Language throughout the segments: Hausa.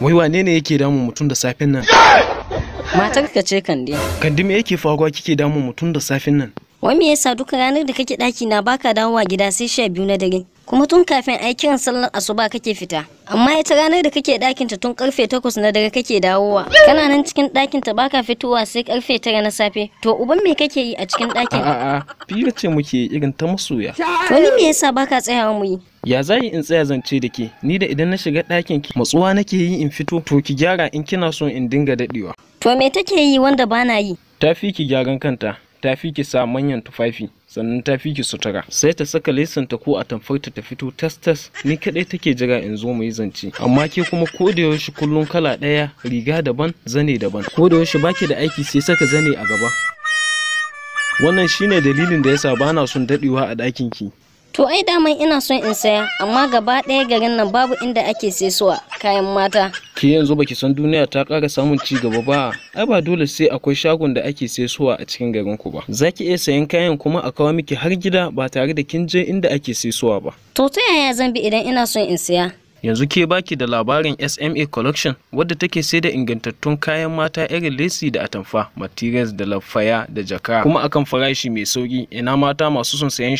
wai wane ne yake damun mutum da safin nan matan ka ce kandi kandi me yake faruwa kike damun mutum da safin nan wai me yasa duka ranar da kake daki na baka dawowa gida sai sha biyu na dare kuma tun kafin a kiran sallar asuba kake fita amma ita ranar da kake ɗakin ta tun karfe takwas na dare kake dawowa kana nan cikin ɗakin ta baka fitowa sai karfe tara na safe to uban me kake yi a cikin ɗakin a'a fira ce muke irin ta masoya to ni me yasa baka tsayawa mu yi ya zai in tsaya zance da ke ni da idan na shiga ɗakin ki matsuwa nake yi in fito to ki gyara in kina so in dinga daɗewa to me take yi wanda bana yi ta fi ki gyaran kanta ta fi ki sa manyan tufafi sannan ta fi ki sutura sai ta saka ta ko a atamfar ta fito tas tas ni kadai take jira in zo mu yi zance amma ke kuma ko da yaushe kullun kala daya riga daban zane daban ko da yaushe baki da aiki sai saka zane a gaba wannan shine dalilin da yasa bana son dadewa a dakin ki To ai daman ina son in saya, amma gaba ɗaya garin nan babu inda ake sesuwa kayan mata. ke yanzu baki san duniya ta ƙara samun ci gaba ba ai ba dole sai akwai shagon da ake sai suwa a cikin garin ku ba zaki iya sayan kayan kuma a kawo miki har gida ba tare da kin je inda ake sai suwa ba to ta yaya zan bi idan ina son in siya Yanzu ke baki da labarin SMA Collection wadda take sai da ingantattun kayan mata irin lesi da atamfa, materials da lafaya da jaka kuma akan farashi mai sauƙi ina mata masu son sayan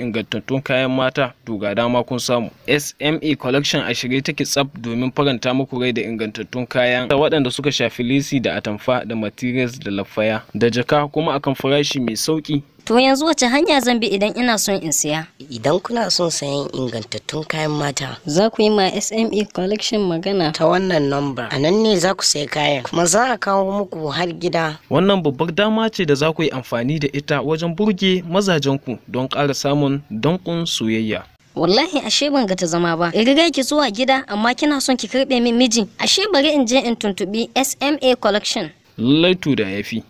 ingantattun kayan mata to ga dama kun samu. SMA Collection a shirye take tsaf domin faranta muku rai da ingantattun kayan da waɗanda suka shafi lesi da atamfa da materials da lafaya da jaka kuma akan farashi mai sauƙi. To yanzu wace hanya zan bi idan ina son in siya? Idan kuna son sayan ingantattun kayan mata. Za ku yi ma SME collection magana. Ta wannan number. A nan ne za ku sayi kayan. Kuma za a kawo muku har gida. Wannan babbar dama ce da za ku yi amfani da ita wajen burge mazajen ku don ƙara samun danƙun soyayya. wallahi ashe ban ga ta zama ba in riga ki zuwa gida amma kina son ki karbe min miji. ashe bari in je in tuntubi SMA e collection laitu da yafi